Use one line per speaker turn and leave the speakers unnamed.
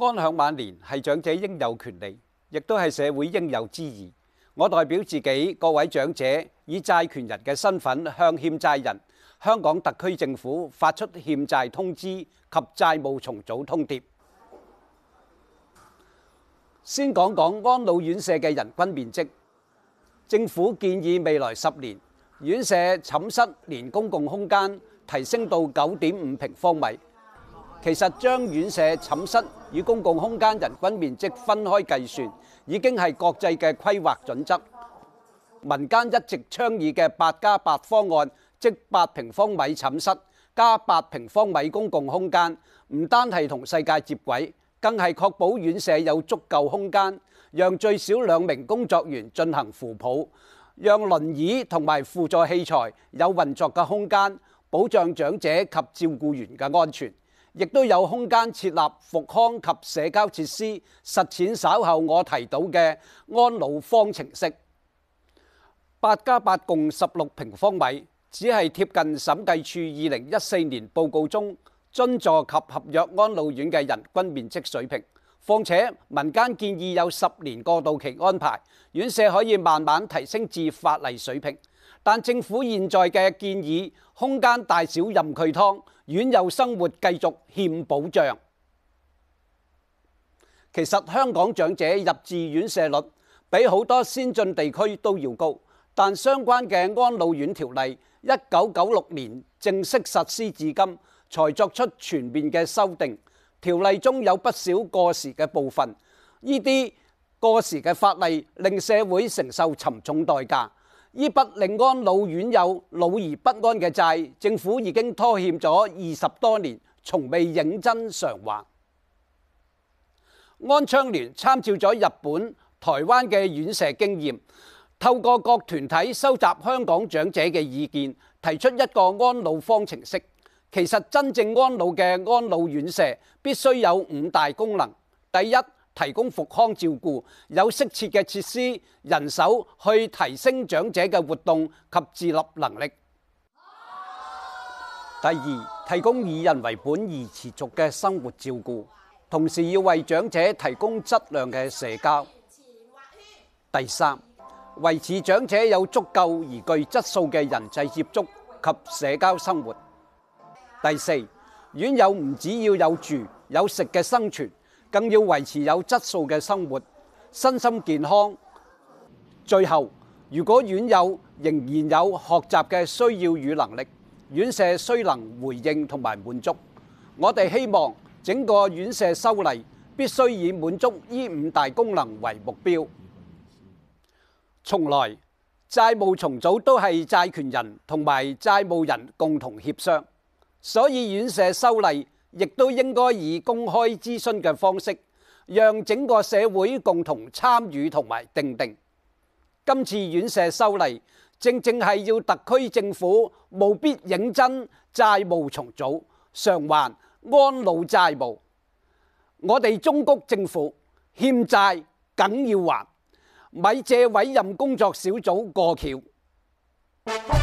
安享晚年係長者應有權利，亦都係社會應有之義。我代表自己各位長者，以債權人嘅身份向欠債人香港特區政府發出欠債通知及債務重組通牒。先講講安老院舍嘅人均面積，政府建議未來十年院舍寢室連公共空間提升到九點五平方米。其實將院舍、寢室與公共空間人均面積分開計算，已經係國際嘅規劃準則。民間一直倡議嘅八加八方案，即八平方米寢室加八平方米公共空間，唔單係同世界接軌，更係確保院舍有足夠空間，讓最少兩名工作員進行扶抱，讓輪椅同埋輔助器材有運作嘅空間，保障長者及照顧員嘅安全。亦都有空間設立復康及社交設施，實踐稍後我提到嘅安老方程式。八加八共十六平方米，只係貼近審計署二零一四年報告中津助及合約安老院嘅人均面積水平。況且民間建議有十年過渡期安排，院舍可以慢慢提升至法例水平。但政府現在嘅建議，空間大小任佢湯，院友生活繼續欠保障。其實香港長者入住院舍率比好多先進地區都要高，但相關嘅安老院條例一九九六年正式實施至今，才作出全面嘅修訂。條例中有不少過時嘅部分，呢啲過時嘅法例令社會承受沉重代價。呢筆令安老院友老而不安嘅債，政府已經拖欠咗二十多年，從未認真償還。安倡聯參照咗日本、台灣嘅院舍經驗，透過各團體收集香港長者嘅意見，提出一個安老方程式。其實真正安老嘅安老院舍必須有五大功能。第一提供復康照顧，有適切嘅設施、人手去提升長者嘅活動及自立能力。第二，提供以人為本而持續嘅生活照顧，同時要為長者提供質量嘅社交。第三，維持長者有足夠而具質素嘅人際接觸及社交生活。第四，院友唔只要有住有食嘅生存。更要維持有質素嘅生活、身心健康。最後，如果院友仍然有學習嘅需要與能力，院舍須能回應同埋滿足。我哋希望整個院舍修例必須以滿足呢五大功能為目標。從來債務重組都係債權人同埋債務人共同協商，所以院舍修例，亦都應該以公開諮詢嘅方式，讓整個社會共同參與同埋定定。今次院舍修例，正正係要特區政府務必認真債務重組、償還安老債務。我哋中國政府欠債梗要還，咪借委任工作小組過橋。